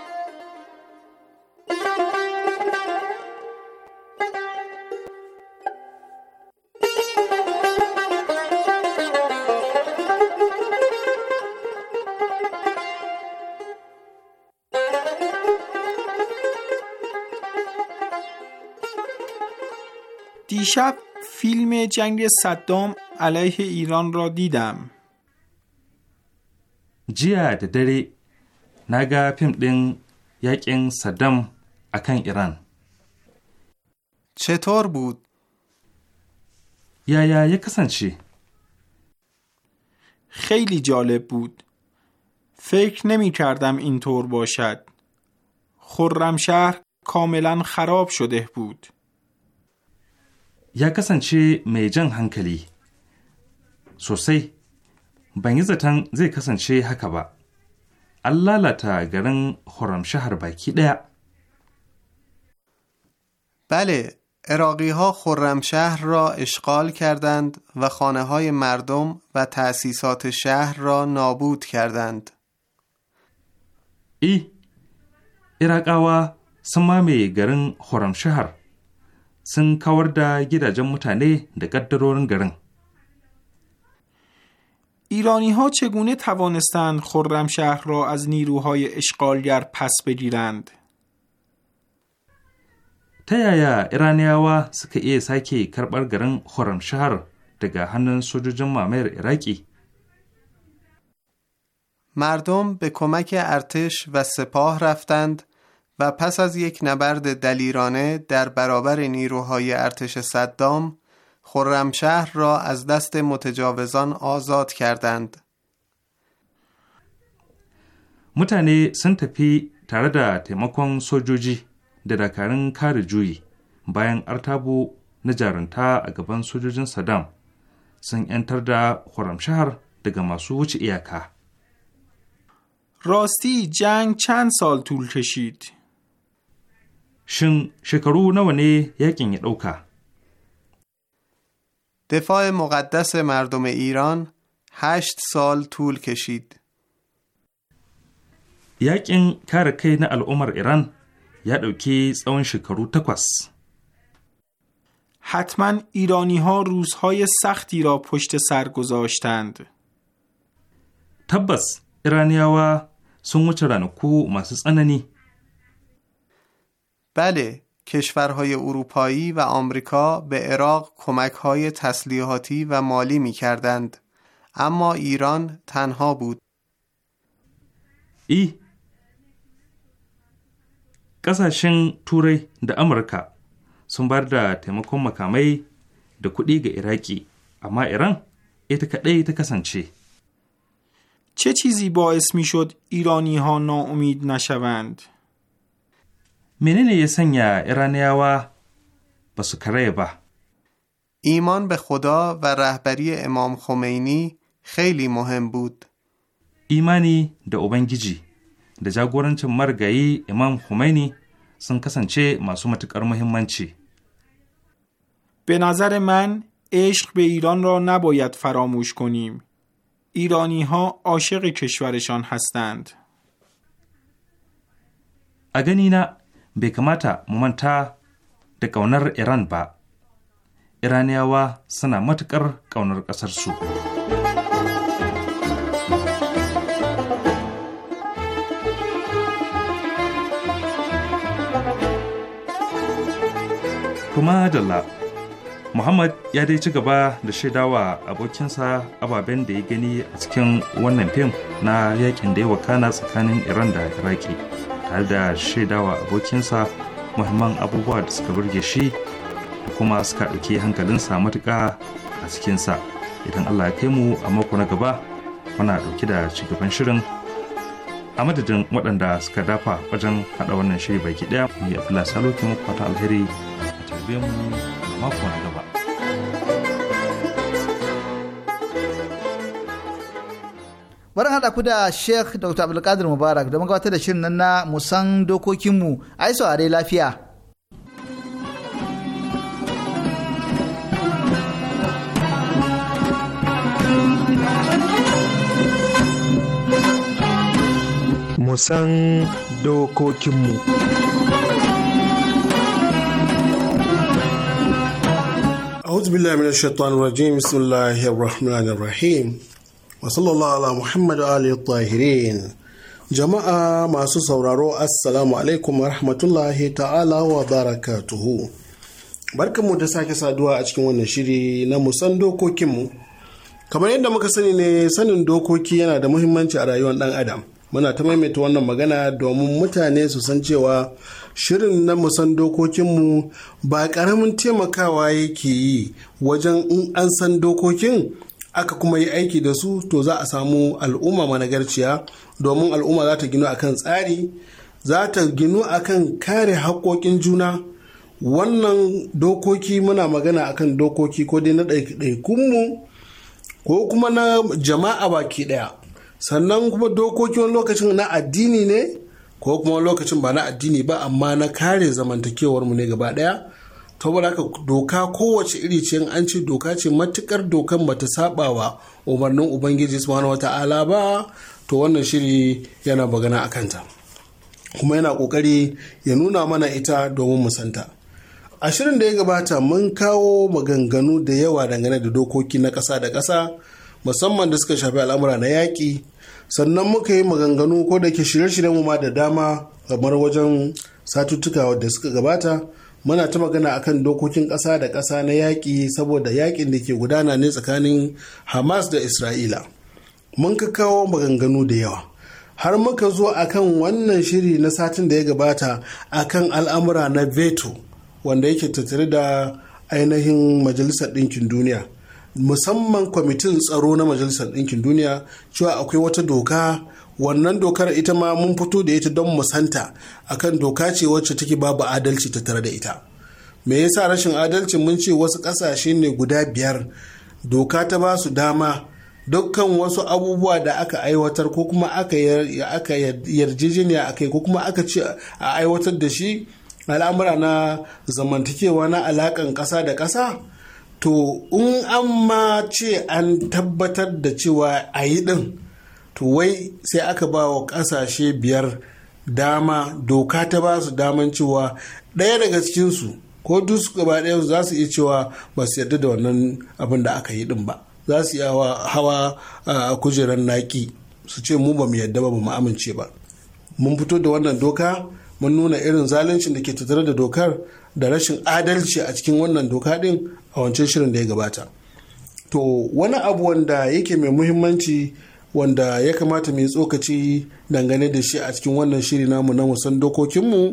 شب فیلم جنگ صدام علیه ایران را دیدم جیاد دری نگا پیم دن دین ɗin صدام ایران. ایران چطور بود؟ یا یا چی؟ خیلی جالب بود. فکر نمی کردم اینطور باشد. خرمشهر کاملا خراب شده بود. یا کسنچه می جن هنکلی سوسی ban yi zaton zai kasance haka ba an lalata garin بله اراقی ها خورم شهر را اشغال کردند و خانه های مردم و تأسیسات شهر را نابود کردند. ای اراقاوا سمامه گرن خورم شهر sun kawar da gidajen mutane da gaddarorin garin. ایرانی ها چگونه توانستند خورم شهر را از نیروهای اشغالگر پس بگیرند؟ تایایا ایرانیاوا ها سکه ای ساکی کربرگرن خورم شهر دگه هنن سجو جمع مردم به کمک ارتش و سپاه رفتند و پس از یک نبرد دلیرانه در برابر نیروهای ارتش صدام خرمشهر را از دست متجاوزان آزاد کردند. متانی سنتپی تفی تاره دا تیمکون سوجوجی د کار جوی باین ارتابو نجارنتا ا گبان سوجوجن صدام سن ان تردا خرمشهر دگا ماسو ایاکا. راستی جنگ چند سال طول کشید. shekaru شکرو ne yakin ya dauka دفاع مقدس مردم ایران هشت سال طول کشید یکین کار کی نه الامر ایران یا دوکی سوان شکرو تکوس حتما ایرانی ها روزهای سختی را پشت سر گذاشتند. تبس ایرانیاوا sun wuce کو مسیس tsanani بله کشورهای اروپایی و آمریکا به عراق کمکهای تسلیحاتی و مالی می کردند. اما ایران تنها بود ای کساشن ده امریکا امریکا sun bar da تیمکون مکامی کودی کودی ga اما ایران اتکده تکسنچی چه چیزی باعث می شد ایرانی ها ناامید نشوند؟ منین یه سنیا ایرانیاوا بسو کره با ایمان به خدا و رهبری امام خمینی خیلی مهم بود ایمانی به اوبنگیجی ده جاگورنچن مرگایی امام خمینی سن کسنچه ماسو متکر مهمنچی به نظر من عشق به ایران را نباید فراموش کنیم ایرانی ها عاشق کشورشان هستند اگه bai kamata mu manta da ƙaunar Iran ba. Iraniyawa suna matuƙar ƙaunar ƙasarsu. Kuma dalla Muhammad ya dai ci gaba da shaidawa abokinsa ababen da ya gani a cikin wannan fim na yakin da ya wakana tsakanin Iran da Iraki. tare da shaidawa abokinsa muhimman abubuwa da suka burge shi da kuma suka ɗauki hankalinsa matuka a cikinsa idan allah ya kai mu a mako na gaba muna ɗauki da shugaban shirin a madadin waɗanda suka dafa wajen haɗa wannan shiri baki ɗaya mai abdullahi salo ke alheri a mu a mako na Bari haɗa ku da Sheikh Dr. Abdulkadir Mubarak da gabatar da shirin nan na musan dokokinmu, a yi saurare lafiya. Musan dokokinmu. أعوذ بالله من الشيطان الرجيم بسم الله الرحمن الرحيم wasallallahu ala muhammadu tahirin jama'a masu sauraro assalamu alaikum rahmatullahi ta'ala wa barakatuhu barkanmu da sake saduwa a cikin wannan shiri na musan dokokinmu kamar yadda muka sani ne sanin dokoki yana da muhimmanci a rayuwar dan adam muna ta maimaita wannan magana domin mutane su san cewa shirin na musan dokokinmu ba ƙaramin taimakawa yake yi wajen in an san dokokin aka kuma yi aiki da su to za a samu al'umma managarciya domin al'umma za ta ginu akan tsari za ta ginu kan kare haƙoƙin juna wannan dokoki muna magana a kan dokoki ko dai na ɗaikunmu ko kuma na jama'a baki ɗaya sannan kuma dokoki wani lokacin na addini ne ko kuma lokacin ba na addini ba amma na kare zamantakewar mu ne gaba ɗaya ta haka doka kowace iri ce an ce doka ce matukar dokan ba ta saba wa umarnin ubangiji wata wata'ala ba to wannan shiri yana bagana a kanta kuma yana kokari ya nuna mana ita domin musanta a shirin da ya gabata mun kawo maganganu da yawa dangane da dokoki na kasa da ƙasa musamman da suka shafi al'amura na yaƙi sannan muka yi maganganu ko da ke shirye-shiryen mu ma da dama kamar wajen satuttuka da suka gabata muna ta magana akan dokokin ƙasa da ƙasa na yaƙi saboda yaƙin da ke gudana ne tsakanin hamas da isra'ila mun ka kawo maganganu da yawa har muka zo akan wannan shiri na satin da ya gabata akan al'amura na veto wanda yake tattare da ainihin majalisar ɗinkin duniya musamman kwamitin tsaro na majalisar ɗinkin duniya cewa akwai wata doka wannan dokar ita ma mun fito da ita don musanta santa akan doka ce wacce take babu adalci ta tare da ita me yasa rashin adalci mun ce wasu ƙasashe ne guda biyar doka ta ba su dama dukkan wasu abubuwa da aka aiwatar ko kuma aka yarjejeniya a kai ko kuma aka ce a aiwatar da shi al'amura na zamantakewa na alakan ƙasa da ƙasa to in an ma ce an tabbatar da cewa a yi din. to wai sai aka ba wa kasashe biyar dama doka ta ba su daman cewa ɗaya daga cikinsu ko duk gaba ɗaya za su iya cewa ba su yarda da wannan abin da aka yi din ba za su iya hawa a kujerar naki su ce mu ba mu yarda ba mu amince ba mun fito da wannan doka mun nuna irin zaluncin da ke tattare da dokar da rashin adalci a cikin wannan doka din a wancan shirin da ya gabata to wani abu wanda yake mai muhimmanci wanda ya kamata mai tsokaci dangane da shi a cikin wannan shiri namu na musan dokokinmu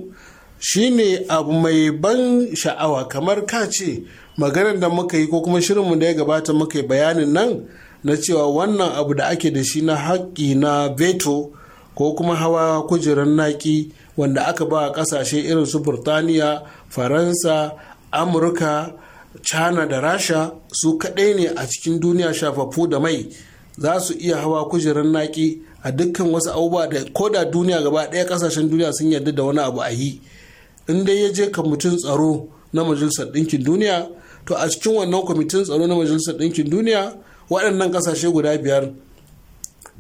shine abu mai ban sha'awa kamar ka ce maganar da muka yi ko kuma shirinmu da ya gabata muka yi bayanin nan na cewa wannan abu da ake da shi na haƙƙi na veto ko kuma hawa kujerar naƙi wanda aka ba ƙasashe irin su burtaniya faransa amurka china da rasha su kaɗai ne a cikin duniya shafafu da mai za su iya hawa kujerar naki a dukkan wasu abubuwa da koda duniya gaba ɗaya ƙasashen duniya sun yarda da wani abu a yi in dai ya je kwamitin tsaro na majalisar ɗinkin duniya to a cikin wannan kwamitin tsaro na majalisar ɗinkin duniya waɗannan ƙasashe guda biyar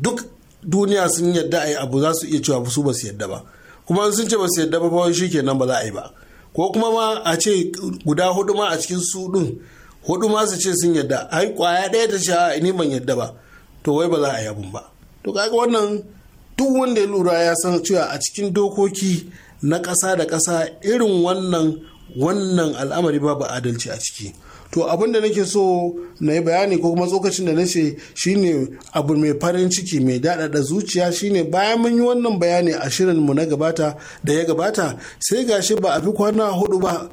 duk duniya sun yarda a yi abu za su iya cewa su ba su yarda ba kuma sun ce ba su yarda ba ba shi kenan ba za a yi ba ko kuma ma a ce guda hudu ma a cikin su ɗin hudu ma su ce sun yarda ai kwaya ɗaya ta ce ni ban yarda ba to wai ba za a yi ba to kaga wannan duk wanda ya lura ya san cewa a cikin dokoki na ƙasa da ƙasa irin wannan wannan al'amari ba ba adalci a ciki to abin da nake so na yi bayani ko kuma tsokacin da na ce shine abu mai farin ciki mai daɗaɗa zuciya shine bayan mun yi wannan bayani a shirin mu na gabata da ya gabata sai ga shi ba a fi kwana hudu ba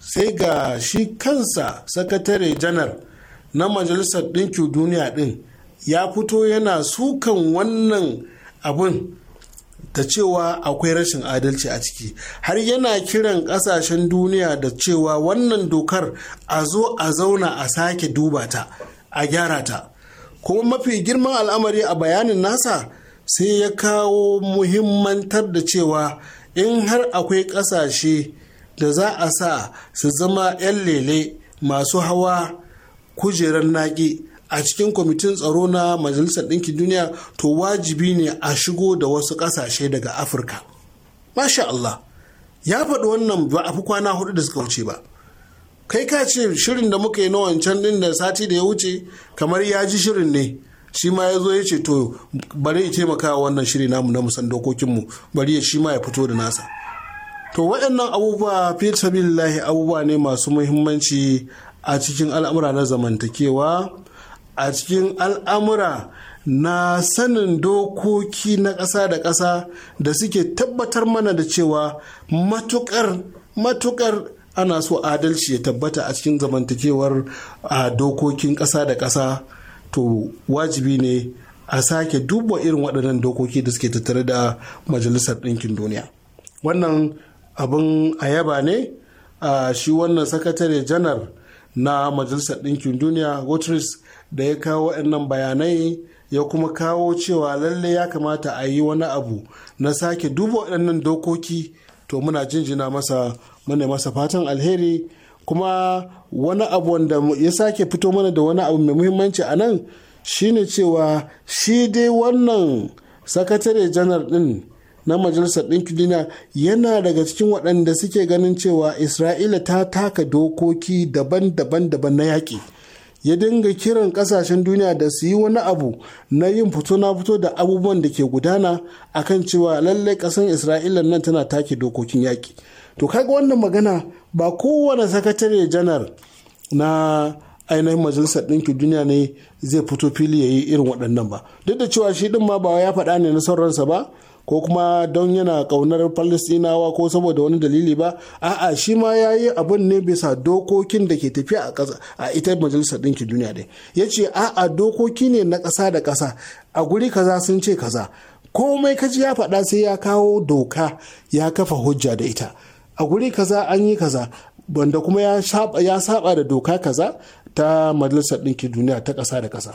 sai ga shi kansa sakatare janar na majalisar ɗinkin duniya ɗin ya fito yana sukan wannan abun da cewa akwai rashin adalci a ciki har yana kiran kasashen duniya da cewa wannan dokar a zo a zauna a sake duba ta a gyara ta kuma mafi girman al'amari a bayanin nasa sai ya kawo muhimmantar da cewa in har akwai kasashe da za a sa su zama 'yan lele masu hawa kujerar naƙi a cikin kwamitin tsaro na majalisar ɗinkin duniya to wajibi ne a shigo da wasu ƙasashe daga afirka masha Allah ya faɗi wannan ba a fi kwana hudu da suka wuce ba kai ka ce shirin da muka yi na wancan ɗin da sati da ya wuce kamar ya ji shirin ne shi ma ya zo ya ce to bari ya taimaka wannan shiri namu na musan dokokinmu bari ya shi ma ya fito da nasa to waɗannan abubuwa fi sabilillahi abubuwa ne masu muhimmanci a cikin al'amura na zamantakewa a cikin al'amura na sanin dokoki na ƙasa da ƙasa da suke tabbatar mana da cewa matukar matukar ana so adalci ya tabbata a cikin zamantakewar a dokokin ƙasa da ƙasa to wajibi ne a sake duba irin waɗannan dokoki da suke tattare da majalisar ɗinkin duniya wannan abin yaba ne a shi wannan sakatare janar na majalisar ɗinkin duniya guterres da ya kawo waɗannan bayanai ya kuma kawo cewa lalle ya kamata a yi wani abu na sake duba waɗannan dokoki to muna jinjina masa mana masa fatan alheri kuma wani abu wanda ya sake fito mana da wani abu mai muhimmanci a nan shine cewa shi dai wannan sakatare janar din na majalisar ɗinki duniya yana daga cikin waɗanda suke ganin cewa isra'ila ta taka dokoki daban-daban daban na yaƙi ya dinga kiran kasashen duniya da su yi wani abu na yin fito na fito da abubuwan da ke gudana a kan cewa lallai kasan isra'ila nan tana take dokokin yaƙi to kaga wannan magana ba kowane sakatare janar na ainihin majalisar ɗinkin duniya ne zai fito fili ya yi irin waɗannan ba duk da cewa shi ɗin ma ba ya faɗa ne na sauransa ba ko kuma don yana ƙaunar Falastinawa ko saboda wani dalili ba a'a shi ma ya yi abin ne bisa dokokin da ke tafiya a ƙasa a ita majalisar ɗinkin duniya dai. ya ce a'a dokoki ne na ƙasa da ƙasa a guri kaza sun ce kaza komai kaji ya faɗa sai ya kawo doka ya kafa hujja da ita a guri kaza an yi kaza wanda kuma ya saba da doka kaza ta majalisar ɗinkin duniya ta ƙasa da ƙasa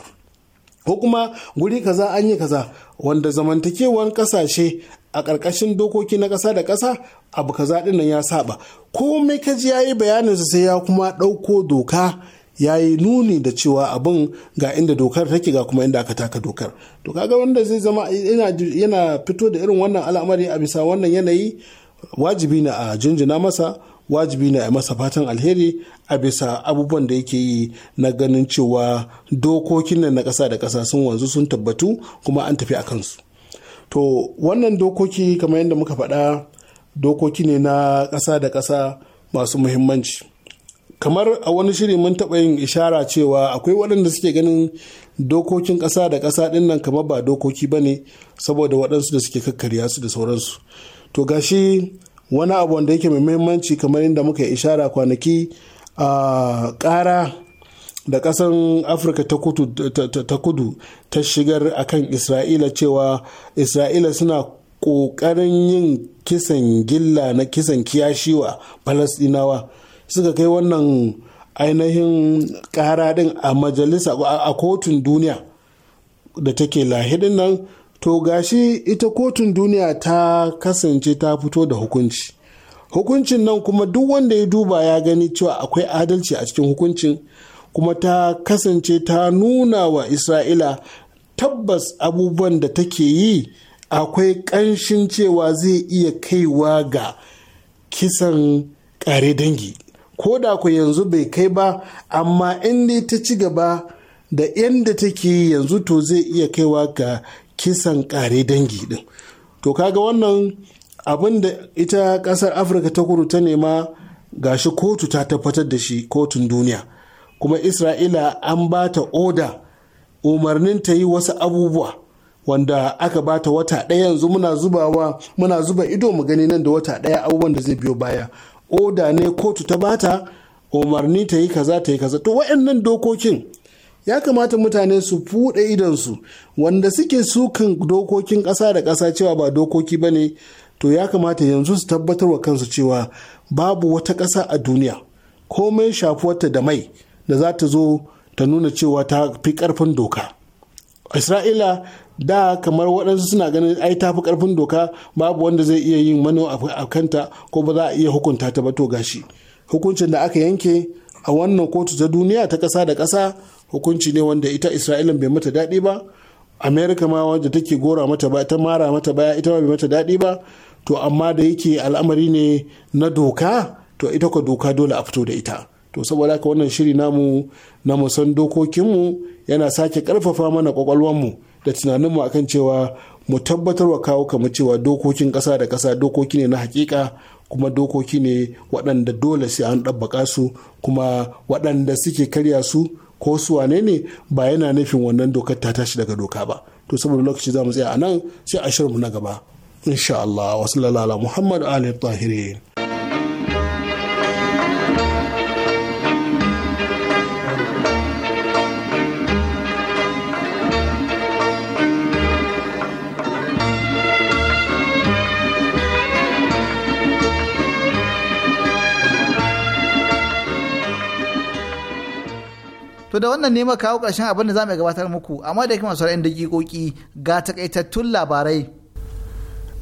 ko kuma guri kaza an yi kaza wanda zamantakewar kasashe a ƙarƙashin dokoki na ƙasa da ƙasa abu kaza ɗin ya saba komai kaji ya yi bayaninsa sai ya kuma ɗauko doka ya yi nuni da cewa abun ga inda dokar take ga kuma inda aka taka dokar to kaga wanda zai zama yana fito da irin wannan al'amari a bisa wannan yanayi wajibi ne a jinjina masa wajibi ne a masa fatan alheri a bisa abubuwan da yake yi na ganin cewa dokokin nan na ƙasa da ƙasa sun wanzu sun tabbatu kuma an tafi a kansu to wannan dokoki kamar yadda muka faɗa dokoki ne na ƙasa da ƙasa masu muhimmanci kamar a wani shiri mun taɓa yin ishara cewa akwai waɗanda suke ganin dokokin ƙasa da ƙasa ɗin nan kamar ba dokoki ba ne saboda waɗansu da suke kakkarya su da sauransu to gashi wani abu wanda yake mai muhimmanci kamar inda muka ishara kwanaki a kara. da kasan afirka ta kudu ta shigar akan isra'ila cewa isra'ila suna ƙoƙarin yin kisan gilla na kisan kiyashiwa falasɗinawa suka kai wannan ainihin ƙara ɗin a majalisa a kotun duniya da take lahidin nan to gashi ita kotun duniya ta kasance ta fito da hukunci hukuncin nan kuma duk wanda ya duba ya gani cewa akwai adalci a cikin hukuncin kuma ta kasance ta nuna wa isra'ila tabbas abubuwan da take yi akwai ƙanshin cewa zai iya kaiwa ga kisan ƙare dangi ko da ku yanzu bai kai ba amma in dai ta ci gaba da yadda take yanzu to zai iya kaiwa ga kisan kare dangi din to kaga wannan abin da ita kasar afirka ta kudu ta nema gashi kotu ta tabbatar da shi kotun duniya kuma isra'ila an ba ta oda umarnin ta yi wasu abubuwa wanda aka ba ta wata ɗaya yanzu muna zubawa muna zuba ido mu gani nan da wata ɗaya abubuwan da zai biyo baya oda ne kotu ta bata umarni ta yi kaza ta yi kaza to waɗannan dokokin ya kamata mutane su fuɗe idonsu wanda suke sukan dokokin ƙasa da ƙasa cewa ba dokoki ba ne to ya kamata yanzu su tabbatar wa kansu cewa babu wata ƙasa a duniya komai shafuwarta da mai da za ta zo ta nuna cewa ta fi ƙarfin doka isra'ila da kamar waɗansu suna ganin ai ta fi ƙarfin doka babu wanda zai iya yin mano a kanta ko ba za a iya hukunta ta ba to gashi hukuncin da aka yanke a wannan kotu ta duniya ta ƙasa da ƙasa hukunci ne wanda ita isra'ilin bai mata daɗi ba amerika ma wanda take gora mata ba ta mara mata baya ita ma bai mata daɗi ba to amma da yake al'amari ne na doka to ita ka doka dole a fito da ita to saboda haka wannan shiri namu na musan dokokinmu yana sake karfafa mana kwakwalwanmu da tunaninmu kan cewa mu tabbatar wa kawo kamar cewa dokokin ƙasa da ƙasa dokoki ne na hakika kuma dokoki ne waɗanda dole sai an ɗabbaka su kuma waɗanda suke karya su ko su wane ne ba yana nufin wannan dokar ta tashi daga doka ba to saboda lokaci za mu tsaya a nan sai a shirinmu na gaba insha Allah wasu lalala Muhammad Ali Tahirin. to da wannan ne kawo ƙarshen abin da za mu gabatar muku amma da kuma sauran dakikoki ga takaitattun labarai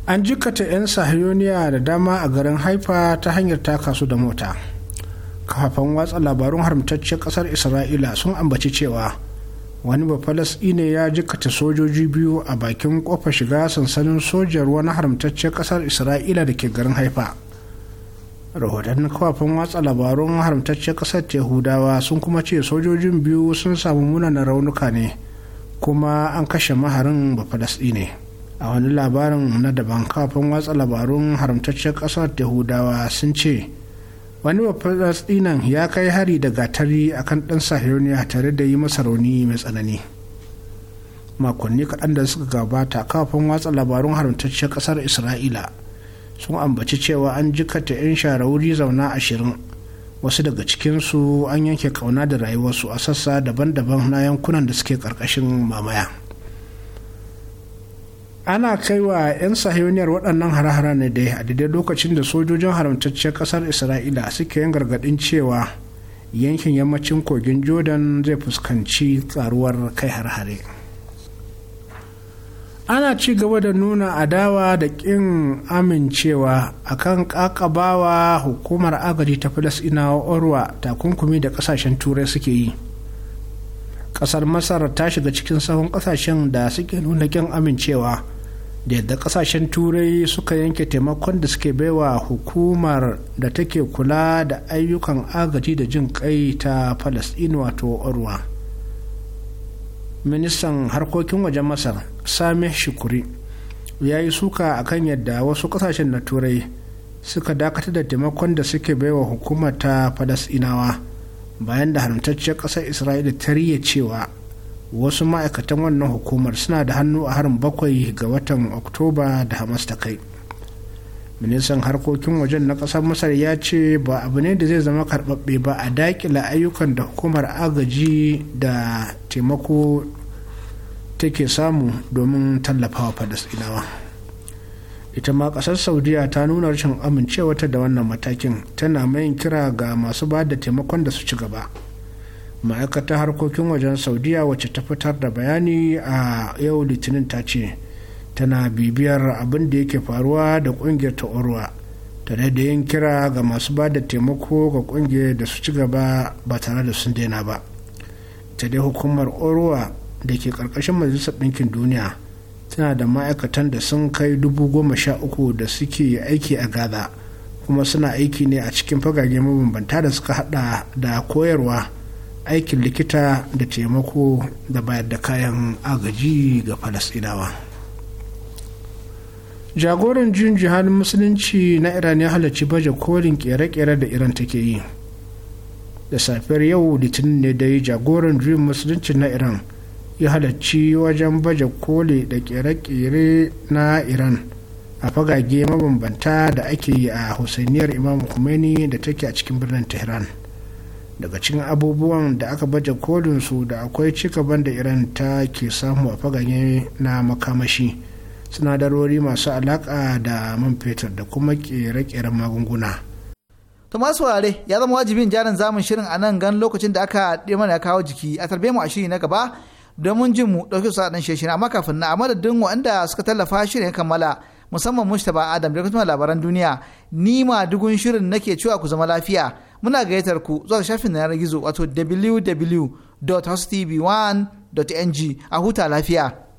an jikata 'yan sahiyoniya da dama a garin haifa ta hanyar taka su da mota kafafen watsa labarun haramtaccen kasar isra'ila sun ambaci cewa wani ne ya jikata sojoji biyu a bakin kofar shiga sansanin sojar wani haramtaccen kasar isra'ila da ke garin haifa rahotannin kafafen watsa labarun haramtacciyar kasar yahudawa sun kuma ce sojojin biyu sun samu munanan raunuka ne kuma an kashe maharin bafalasɗi ne a wani labarin na daban kafafen watsa labarun haramtacciyar ƙasar yahudawa sun ce wani nan ya kai hari da gatari a kan ɗan sahiruniya tare da yi masa rauni mai tsanani makonni kaɗan da suka gabata kafafen watsa labarun haramtacciyar ƙasar isra'ila sun ambaci cewa an jikata 'yan shara wuri zauna ashirin wasu daga cikinsu an yanke kauna da rayuwarsu a sassa daban-daban na yankunan da suke karkashin mamaya ana kaiwa 'yan sahiyoniyar waɗannan hare-hare ne dai a daidai lokacin da sojojin haramtacciyar ƙasar isra'ila suke yin gargaɗin cewa yankin yammacin kogin jordan zai fuskanci karuwar kai har-hare. ana ci gaba da nuna adawa da ƙin amincewa akan ƙaƙabawa hukumar agaji ta ina orwa takunkumi da ƙasashen turai suke yi ƙasar masar ta shiga cikin sahun ƙasashen da suke nuna kin amincewa da yadda ƙasashen turai suka yanke taimakon da suke baiwa hukumar da take kula da ayyukan agaji da jin kai ta falasɗin wato orwa ministan harkokin wajen masar sami shukuri ya yi suka a kan yadda wasu kasashen na turai suka dakatar da taimakon da suke baiwa hukumar ta fadas inawa bayan da haramtacciyar ƙasar isra'ila ta riya cewa wasu ma'aikatan wannan hukumar suna da hannu a harin bakwai ga watan oktoba da hamas ta kai ministan harkokin wajen na ƙasar masar ya ce ba abu ne da zai zama karɓaɓɓe ba a daƙila ayyukan da hukumar agaji da taimako take samu domin tallafawa falasɗinawa ita ma ƙasar saudiya ta nuna rashin amincewarta da wannan matakin tana mayin kira ga masu ba da taimakon da su ci gaba ma'aikatar harkokin wajen saudiya wacce ta fitar da bayani a yau litinin ta ce tana bibiyar abin da yake faruwa da kungiyar ta orwa tare da yin kira ga masu ba da taimako ga kungiyar da su ci gaba ba tare da sun daina ba ta dai hukumar orwa da ke karkashin majalisar ɗinkin duniya tana da ma'aikatan da sun kai dubu goma sha uku da suke aiki a gaza kuma suna aiki ne a cikin fagage mabambanta da suka hada da koyarwa aikin likita da taimako da bayar da kayan agaji ga falasɗinawa. jagoran jin jihalin musulunci na iran ya halarci baje kolin kere-kere da iran take yi da safiyar yau litinin ne da jagoran juyin musulunci na iran ya halarci wajen baje koli da kere-kere na iran a fagage mabambanta da ake yi a hussainiyar imam khomeini da take a cikin birnin tehran daga cikin abubuwan da aka baje kolin su da akwai cika da iran ta ke samu a fagage na makamashi sinadarori masu alaƙa da man fetur da kuma ƙere-ƙeren magunguna. Thomas masu ya zama wajibin jarin zamun shirin a nan gan lokacin da aka haɗe mana kawo jiki a tarbe mu a shiri na gaba domin jin mu ɗauki su a ɗan shirin amma kafin na a madadin waɗanda suka tallafa shirin ya kammala musamman Mustapha Adam da kuma labaran duniya ni ma dugun shirin nake cewa ku zama lafiya muna gayyatar ku zuwa shafin yanar gizo wato www.hostv1.ng a huta lafiya.